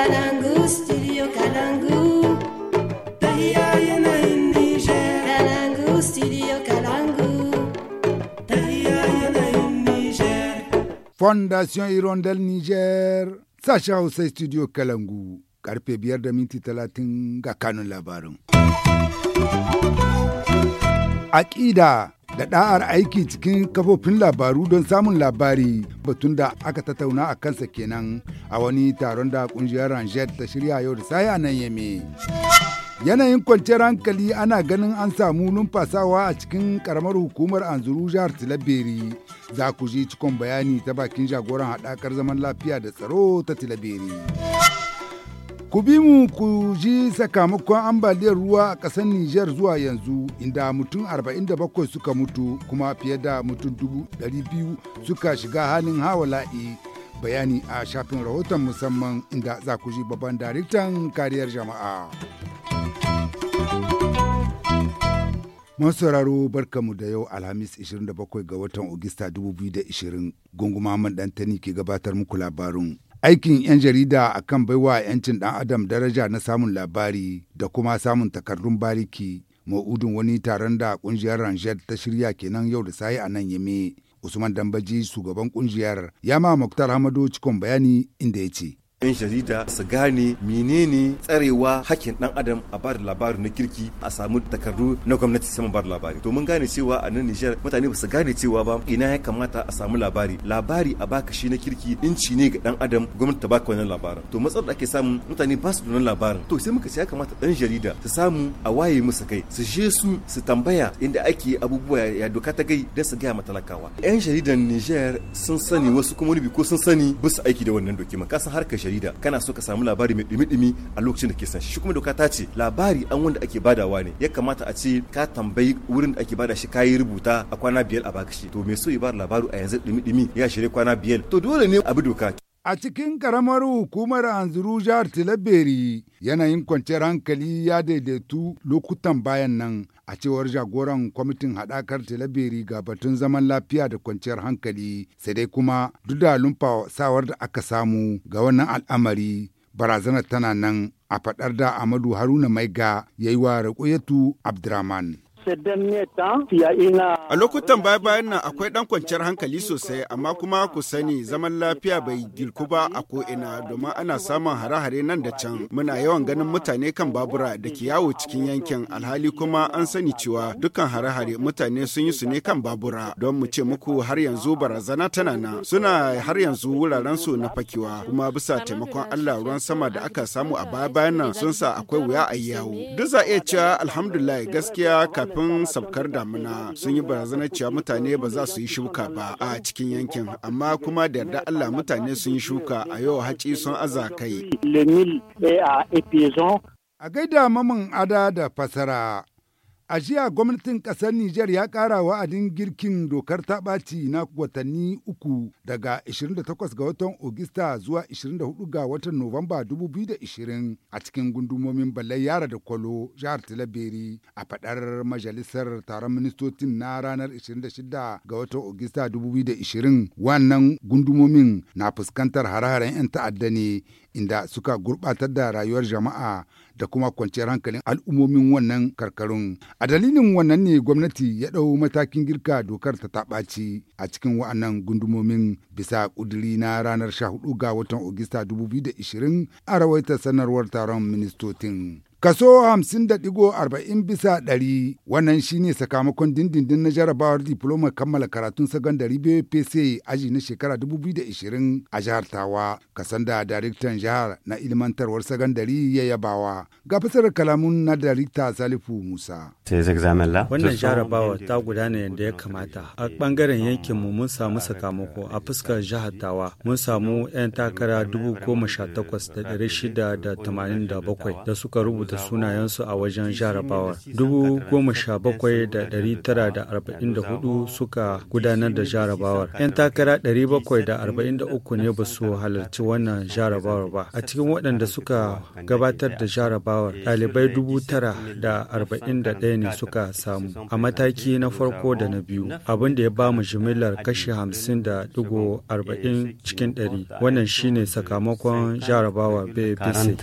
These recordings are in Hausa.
Kalangu, studio Niger. Fondation Niger. Studio Kalangu. Karfe biyar minti talatin ga kanun labarin. aƙida da ɗa'ar aiki cikin kafofin labaru don samun labari batun da aka tattauna a kansa kenan a wani taron da ƙungiyar Ranjet ta shirya yau da saya nan yame. Yanayin kwanciyar hankali ana ganin an samu numfasawa a cikin karamar hukumar anzuru jihar Tilaberi. Za ku ji cikon bayani ta bakin jagoran haɗakar zaman lafiya da tsaro ta Tilaberi. Ku bi mu ku ji sakamakon ambaliyar ruwa a ƙasar Nijar zuwa yanzu inda mutum 47 suka mutu kuma fiye da mutum 200 suka shiga halin hawala'i bayani a shafin rahoton musamman inda za ku ji babban daraktan kariyar jama'a. masauraro barkamu da yau alhamis 27 ga watan ogista 2020 gungu Muhammad Dantani ke gabatar muku labarin aikin 'yan jarida a kan baiwa 'yancin ɗan adam daraja na samun labari da kuma samun takardun bariki ma'udin wani taron da ƙungiyar ranger ta shirya kenan yau da sayi a nan yame usman dambaji shugaban ƙungiyar ya ma muktar hamadu cikon bayani inda ya ce 'yan jarida su gane menene tsarewa hakkin dan adam a ba da labari na kirki a samu takardu na gwamnati sama ba da labari to mun gane cewa a nan Nijar mutane ba su gane cewa ba ina ya kamata a samu labari labari a baka shi na kirki inci ne ga dan adam gwamnati ta baka wannan labarin to matsalar da ake samu mutane ba su da labarin to sai muka ce ya kamata dan jarida su samu a waye musu kai su je su su tambaya inda ake abubuwa ya doka ta gai da su ga ma talakawa 'yan jaridan Nijar sun sani wasu kuma ko sun sani ba su aiki da wannan dokiman kasan harkar jarida kana so ka samu labari mai dumi-dumi a lokacin da ke san shi kuma doka ta ce labari an wanda ake badawa ne ya kamata a ce ka tambayi wurin da ake bada shi kayi rubuta a kwana biyar a baka shi to me so ya ba labaru a yanzu dumi-dumi ya shirye kwana biyar to dole ne a bi doka A cikin karamar hukumar Anzuru jihar Tilaberi yanayin kwanciyar hankali ya daidaitu lokutan bayan nan a cewar jagoran kwamitin haɗakar Tilaberi ga batun zaman lafiya da kwanciyar hankali sai dai kuma duk da lumfasawar da aka samu ga wannan al'amari barazanar tana nan a faɗar da Amadu Haruna Maiga ya yi wa Raƙoyatu Abdurrahman. A lokutan baya-bayan nan akwai ɗan kwanciyar hankali sosai, amma kuma ku sani zaman lafiya bai girku ba a ko'ina domin ana samun hare-hare nan da can. Muna yawan ganin mutane kan babura da ke yawo cikin yankin alhali kuma an sani cewa dukkan hare-hare mutane sun yi su ne kan babura. Don mu ce muku har yanzu barazana tana nan. Suna har yanzu wuraren su na fakewa kuma bisa taimakon Allah ruwan sama da aka samu a baya-bayan nan sun sa akwai wuya a yawo. Duk za iya cewa alhamdulillah gaskiya kafin kafin sabkar damuna sun yi barazana cewa mutane ba za su yi shuka ba a cikin yankin amma kuma da yarda Allah mutane sun yi shuka a yau haci sun aza kai. A gaida mamin ada da fasara A jiya gwamnatin ƙasar Nijar ya ƙara wa'adin girkin dokar taɓaci na watanni uku daga 28 ga watan Ogista zuwa 24 ga watan Nuwamba 2020 a cikin gundumomin Balai Yara da Kwalo, jihar Tilaberi a faɗar majalisar taron ministocin na ranar 26 ga watan Ogista 2020. Wannan gundumomin na fuskantar hare-haren 'yan ta'adda ne inda suka gurɓatar da rayuwar jama'a da kuma kwanciyar hankalin al'ummomin wannan karkarun. A dalilin wannan ne gwamnati ya ɗau matakin girka dokar ta taɓaci a cikin wa'annan gundumomin bisa ƙuduri na ranar 14 ga watan Ogista 2020 a rawaitar sanarwar taron ministocin. Kaso 50.40 bisa ɗari wannan shine sakamakon dindindin na jarabawar diploma kammala karatun sakandare BPC aji na shekara 2020 a jihar Tawa, kasan da daraktan jihar na ilmantarwar sakandare ya yabawa. Ga fasarar kalamun na darakta Salifu Musa. Wannan jarabawa ta gudana yadda ya kamata. A ɓangaren yankin mu mun samu sakamako a fuskar jihar Tawa mun samu 'yan takara dubu goma sha takwas da dari shida da tamanin da bakwai da suka rubuta sunayensu a wajen jarabawar. Dubu goma sha bakwai da dari tara da arba'in da hudu suka gudanar da jarabawar. 'Yan takara dari bakwai da arba'in da uku ne ba su halarci wannan jarabawar ba. A cikin waɗanda suka gabatar da jarabawar ɗalibai dubu tara da arba'in da ɗaya ne suka samu a mataki na farko da na biyu abin da ya ba mu jimillar kashi hamsin da digo arba'in cikin ɗari wannan shine sakamakon jarabawa BPC.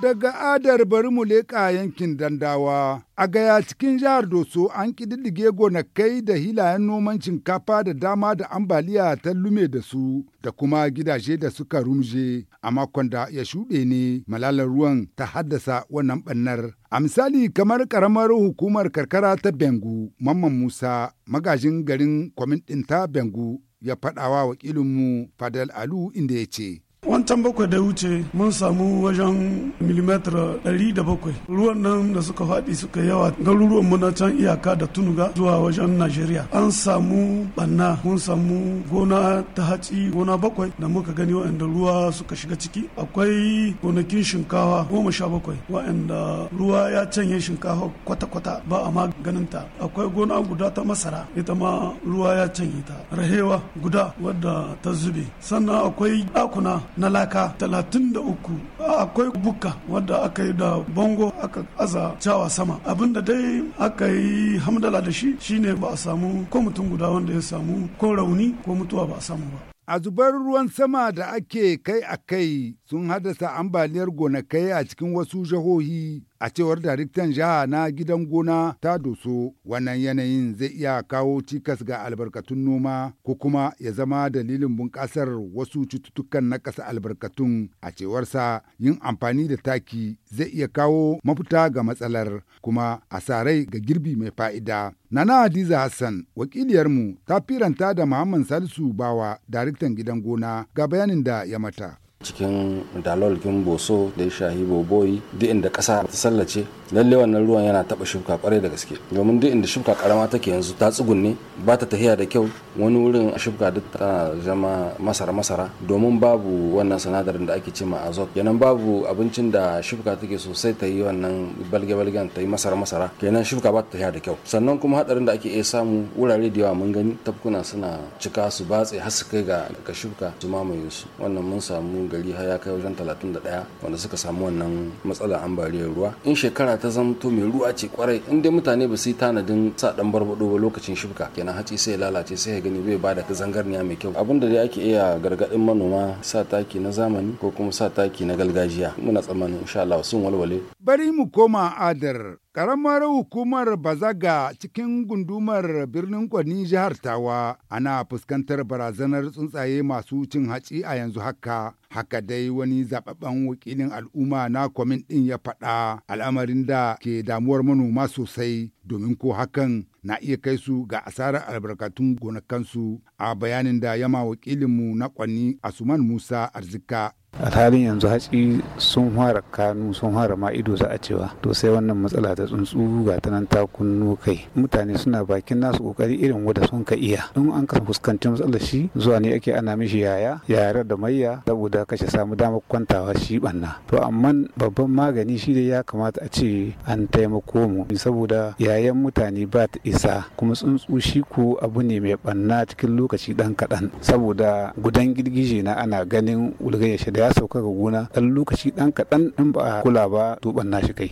Daga adar bari mu leƙa yankin dandawa, a gaya cikin jihar Doso an ƙididdige gonakai da hilayen noman shinkafa da dama da ambaliya ta lume da su da kuma gidaje da suka rumje a makon da ya shuɗe ne malalar ruwan ta haddasa wannan ɓannar. A misali kamar ƙaramar hukumar karkara ta Bengu, Mamman Musa, magajin garin kwamin ta Bengu ya faɗawa wakilinmu Fadal Alu inda ya ce. wancan bakwai da wuce mun samu wajen milimetar ɗari da bakwai ruwan nan da suka faɗi suka yawa garuruwan mu na can iyaka da tunuga zuwa wajen najeriya an samu banna mun samu gona ta haci gona bakwai da muka gani wa'anda ruwa suka shiga ciki akwai gonakin shinkawa goma sha bakwai wa'anda ruwa ya canye shinkawa kwata-kwata ba a ma ganin ta akwai gona guda ta masara ita ma ruwa ya canye ta rahewa guda wadda ta zube sannan akwai ɗakuna na laka 33 akwai bukka wadda aka yi da bango aka aza cawa sama abinda dai aka yi hamdala da shi shine ba a samu ko mutum guda wanda ya samu ko rauni ko mutuwa ba a samu ba a zubar ruwan sama da ake kai a kai sun haddasa ambaliyar gonakai a cikin wasu jihohi A cewar daraktan jiha na gidan gona ta doso wannan yanayin zai iya kawo cikas ga albarkatun noma ko kuma ya zama dalilin bunƙasar wasu cututtukan na ƙasa albarkatun a cewarsa yin amfani da taki zai iya kawo mafita ga matsalar kuma a sarai ga girbi mai fa'ida. Nana Hadiza Hassan wakiliyarmu ta firanta da Muhammad Salisu Bawa daraktan gidan gona ga bayanin da ya mata. cikin dalol boso da ya shahi boboyi duk inda ƙasa ta sallace lalle wannan ruwan yana taɓa shuka kwarai da gaske domin duk inda shuka karama take yanzu ta tsugunne ba ta tahiya da kyau wani wurin shuka duk ta zama masara masara domin babu wannan sinadarin da ake cema azot kenan babu abincin da shuka take sosai ta yi wannan balge balgen ta yi masara masara kenan shuka ba ta tahiya da kyau sannan kuma hadarin da ake iya samu wurare da yawa mun gani tafkuna suna cika su batse har su kai ga shuka su mamaye su wannan mun samu gari har ya kai wajen 31 wanda suka samu wannan matsalar ambaliyar ruwa in shekara ta zamto mai ruwa ce kwarai in dai mutane ba su yi tanadin sa dan barbado ba lokacin shifka kenan hatsi sai lalace sai ya gani bai bada ta zangarniya mai kyau abinda dai ake iya gargadin manoma sa taki na zamani ko kuma sa taki na gargajiya muna tsammanin insha Allah sun walwale bari mu koma adar Ƙaramar hukumar Bazaga cikin gundumar birnin Kwani jihar Tawa ana fuskantar barazanar tsuntsaye masu cin haci a yanzu haka. Haka dai wani zababben wakilin al'umma na kwamin ɗin ya faɗa al'amarin da ke damuwar manoma sosai domin ko hakan na iya kai su ga asarar albarkatun gonakansu a bayanin da yama wakilinmu na Kwani Asuman Musa Arzika a halin yanzu hatsi sun fara kanu sun fara ma ido za a cewa to sai wannan matsala ta tsuntsu ga ta nan ta kunnu kai mutane suna bakin nasu kokari irin wanda sun ka iya in an ka fuskanci matsalar shi zuwa ne ake ana mishi yaya Yarar da mayya saboda kashe samu damar kwantawa shi banna to amma babban magani shi da ya kamata a ce an taimako mu saboda yayan mutane ba ta isa kuma tsuntsu shi ko abu ne mai banna cikin lokaci dan kaɗan saboda gudan girgije na ana ganin wulgayar shi ya sauka ga gona ɗan lokaci ɗan kaɗan in ba a kula ba tuban shi kai.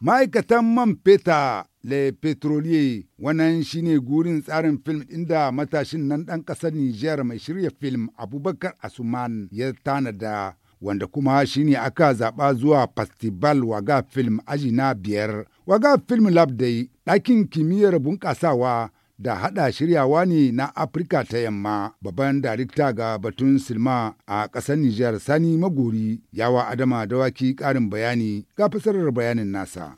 Ma'aikatan man feta Le Petrolier wannan shine gurin tsarin film inda matashin nan ɗan ƙasar Nijar mai shirya film Abubakar Asuman ya tanada wanda kuma shine aka zaɓa zuwa festival waga film aji na biyar waga film lab dai ɗakin kimiyyar bunƙasawa da haɗa shiryawa ne na Afirka ta yamma babban darikta ga batun silma a ƙasar Nijar Sani Magori yawa Adama Dawaki ƙarin bayani ga fasarar bayanin nasa.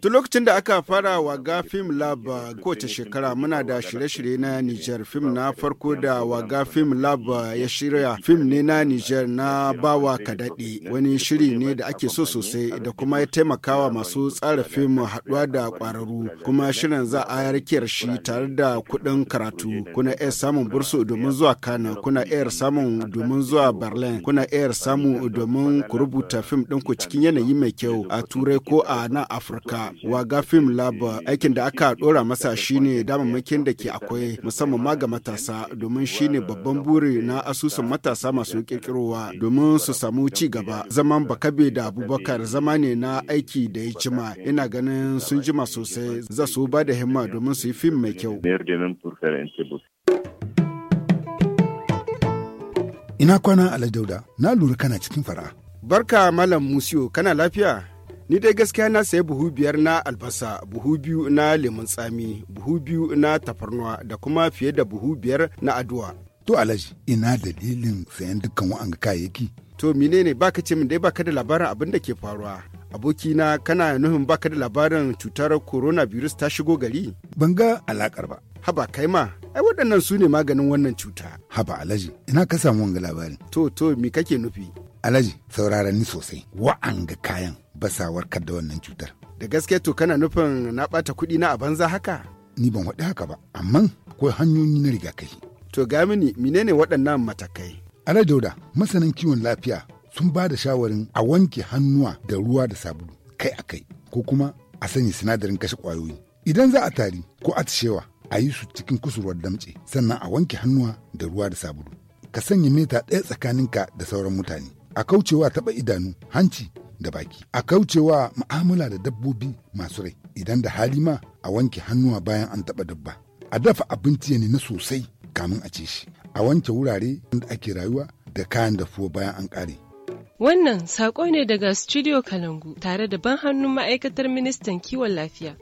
Tun lokacin da aka fara waga Film Lab kowace shekara muna da shirye-shirye na Nijar. fim na farko da waga Film Lab ya shirya film ne na Nijar na bawa kadaɗe wani shiri ne da ake so sosai da kuma ya taimakawa masu tsara fim haɗuwa da ƙwararru kuma shirin za a yarkiyar shi tare da kuɗin karatu. Kuna iya samun bursu domin zuwa Kano, kuna iya samun domin zuwa Berlin, kuna iya samu domin ku rubuta fim ɗinku cikin yanayi mai kyau. A a turai ko a nan afirka waga fim lab aikin da aka dora masa shine damammakin da ke akwai musamman ma ga matasa domin shine babban buri na asusun matasa masu kirkirowa domin su samu ci gaba zaman bakabe da abubakar zama ne na aiki da ya jima ina ganin sun jima sosai za su ba da himma domin su yi fim mai kyau ina kwana alajauda na lura kana cikin fara barka malam musio kana lafiya Ni dai gaskiya na sayi buhu biyar na albasa, buhu biyu na lemun tsami, buhu biyu na tafarnuwa da kuma fiye da buhu biyar na aduwa. To alaji ina dalilin sayan dukkan wa'anga kayayyaki. To menene baka ce min dai baka da labarin abin da ke faruwa. abokina kana nufin baka da labarin cutar coronavirus ta shigo gari? Ban ga alakar ba. Haba kai ma, ai waɗannan su ne maganin wannan cuta. Haba alaji, ina ka samu wanga labarin. To to me kake nufi? alaji saurarani sosai wa'anga kayan basa warkar da wannan cutar da gaske to kana nufin na bata kuɗi na a banza haka ni ban waɗi haka ba amma akwai hanyoyi na rigakafi to ga mini menene waɗannan matakai alaji dauda masanan kiwon lafiya sun ba da shawarin a wanke hannuwa da ruwa da sabulu kai a kai ko kuma a sanya sinadarin kashe kwayoyi idan za a tari ko atishewa a yi su cikin kusurwar damce sannan a wanke hannuwa da ruwa da sabulu ka sanya mita ɗaya tsakaninka da sauran mutane a kaucewa taɓa idanu hanci da baki a kaucewa mu'amala da dabbobi masu rai idan da hali ma a wanke hannuwa bayan an taɓa dabba a dafa abinci ne na sosai kamin a ce shi a wanke wurare da ake rayuwa da kayan dafuwa bayan an ƙare Wannan saƙo ne daga Studio Kalangu tare da ban hannun ma'aikatar ministan kiwon lafiya.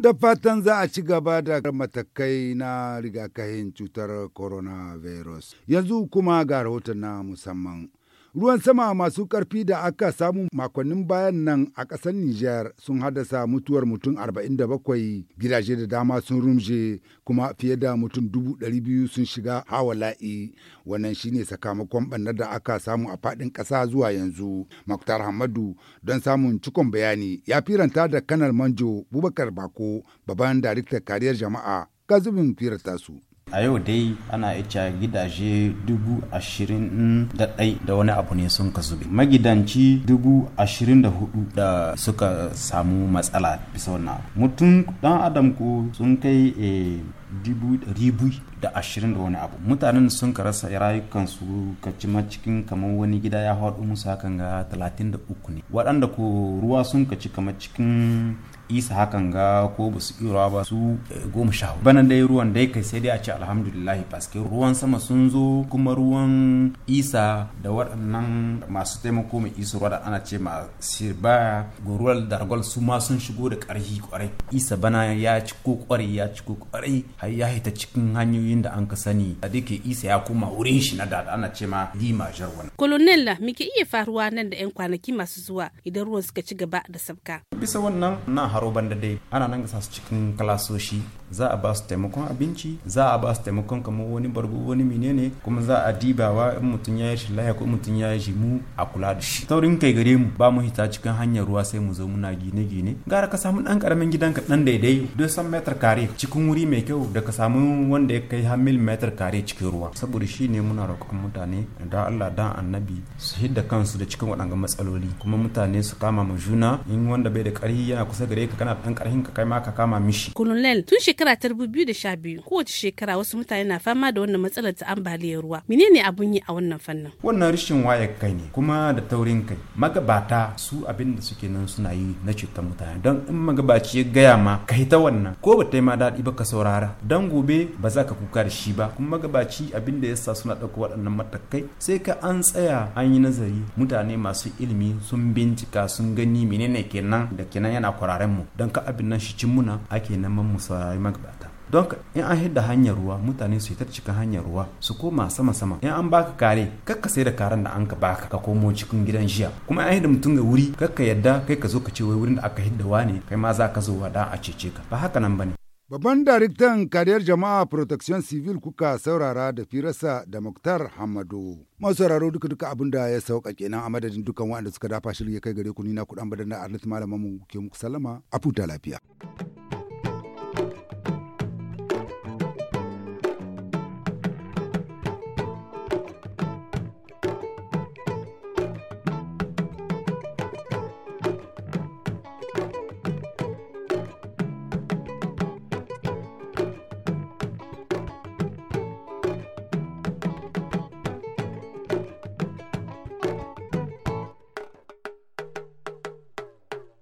da fatan za a ci gaba da matakai na rigakafin cutar coronavirus yanzu kuma ga rahoton na musamman Ruwan sama masu ƙarfi da aka samu makonnin bayan nan a ƙasar Nijar sun haddasa mutuwar mutum 47 gidaje da dama sun rumje kuma fiye da mutum 200,000 sun shiga hawa la'i. Wannan shine sakamakon ɓannar da aka samu a faɗin ƙasa zuwa yanzu. Maktar Hamadu don samun cikon bayani ya firanta da kanar Manjo Bubakar Bako, babban daraktar kariyar jama'a, ga firanta su. a yau dai ana ita gidaje dubu ashirin da ɗai da wani abu ne sun ka zube magidanci dubu ashirin da hudu da suka samu matsala bisa wannan mutum dan adam ko sun kai eh, dubu ribu da ashirin da wani abu mutanen sun ka rasa rayukansu ka cima cikin kamar wani gida ya haɗu musa hakan ga talatin da uku ne waɗanda ko ruwa sun ka ci kamar cikin isa hakan ga ko ba su iya ba su eh, goma sha hudu bana dai ruwan dai kai sai dai a ce alhamdulillahi paske ruwan sama sun zo kuma ruwan isa da waɗannan masu taimako mai isa ruwa da ana ce ma sirba goruwal dargol su ma sun shigo da ƙarfi ƙwarai isa bana ya ci ko ƙwarai ya ci ko ƙwarai har ya hita cikin hanyoyin da an ka sani a dake isa ya koma wurin shi na da ana ce ma lima jarwan kolonel mike iya faruwa nan da 'yan kwanaki masu zuwa idan ruwan suka ci gaba da sabka bisa wannan na haro banda dai ana nan gasa su cikin kalasoshi za a ba su taimakon abinci za a ba su taimakon kamar wani bargo wani menene kuma za a dibawa in mutum ya yi shi laya ko mutum ya yi shi mu a kula da shi taurin kai gare mu ba mu hita cikin hanyar ruwa sai mu zo muna gine gine gara ka samu dan karamin gidan ka dan daidai san metar kare cikin wuri mai kyau da ka samu wanda ya kai har metar kare cikin ruwa saboda shi ne muna roƙon mutane da Allah dan annabi su hidda kansu da cikin waɗannan matsaloli kuma mutane su kama mu juna in wanda bai da ƙarfi yana kusa gare ka kana dan ƙarfin ka kai ma ka kama mishi kulunel tun shekara ta biyu da sha biyu kowace shekara wasu mutane na fama da wannan matsalar ta ambaliyar ruwa. Menene abun yi a wannan fannin? Wannan rashin waye kai ne kuma da taurin kai. Magabata su abin da suke nan suna yi na cutar mutane don in magabaci ya gaya ma ka ta wannan ko ba ta yi ma daɗi ba ka saurara don gobe ba za ka kuka da shi ba kuma magabaci abin da ya sa suna ɗauka waɗannan matakai sai ka an tsaya an yi nazari mutane masu ilimi sun bincika sun gani menene kenan da kenan yana kwararen mu don ka abin nan shi cin muna ake nan mu saurari magabata don in an hidda hanyar ruwa mutane su ta cika hanyar ruwa su koma sama sama in an baka kare kakka sai da karen da an ka baka ka komo cikin gidan jiya kuma an hidda mutum ga wuri kakka yadda kai ka zo ka ce wai wurin da aka hidda wa ne. kai ma za ka zo wa da a cece ka ba haka nan bane Babban daraktan kariyar jama'a Protection Civil kuka saurara da firarsa da Muktar Hamadu. Masu sauraro duka duka abin da ya sauka kenan a madadin dukan waɗanda suka dafa shirin ya kai gare ku ni na kuɗan badan da Arlit Malaman ke muku sallama a futa lafiya.